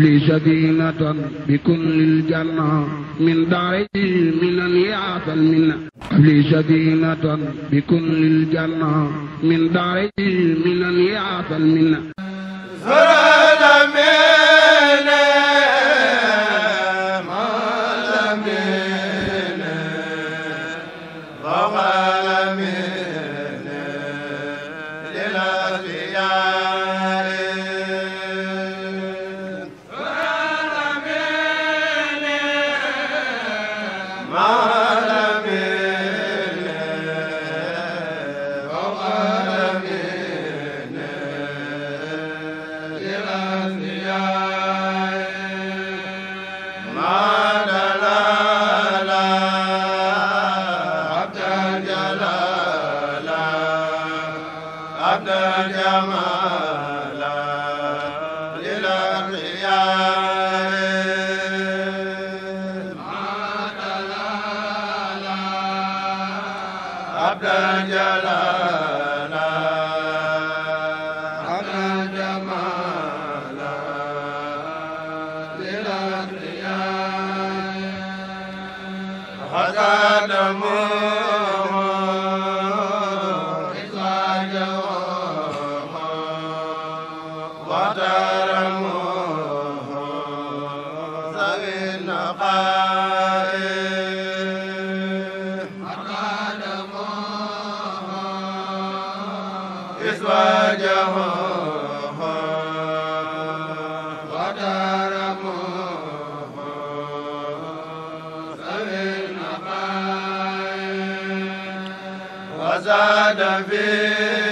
li safinatan bi kullil janna min daari minan yaasal minna li safinatan bi kullil janna min daari minan yaasal minna في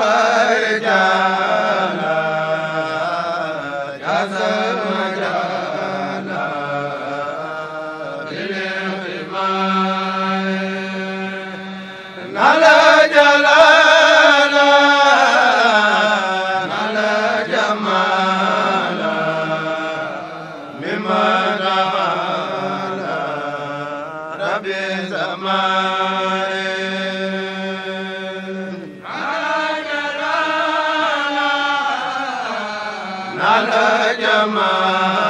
ma ma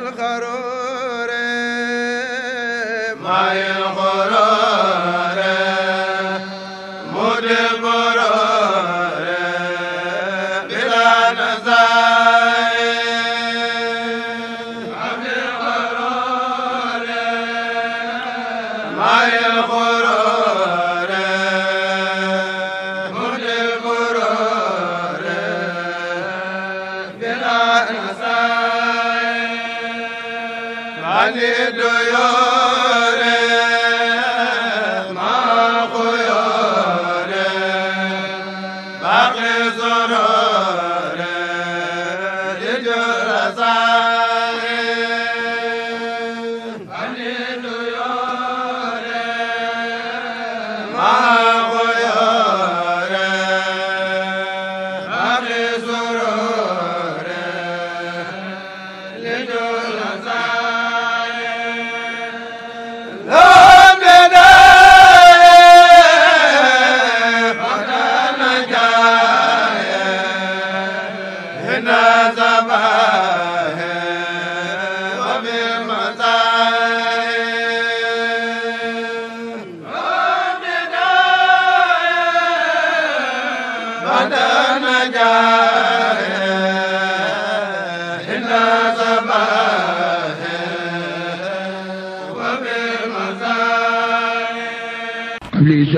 الغرور ما يلغى doyo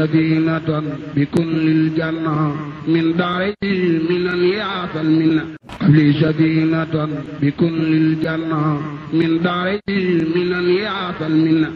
سكينة بكل الجنة من داري من الياس المنة لي سكينة بكل الجنة من داري من الياس المنة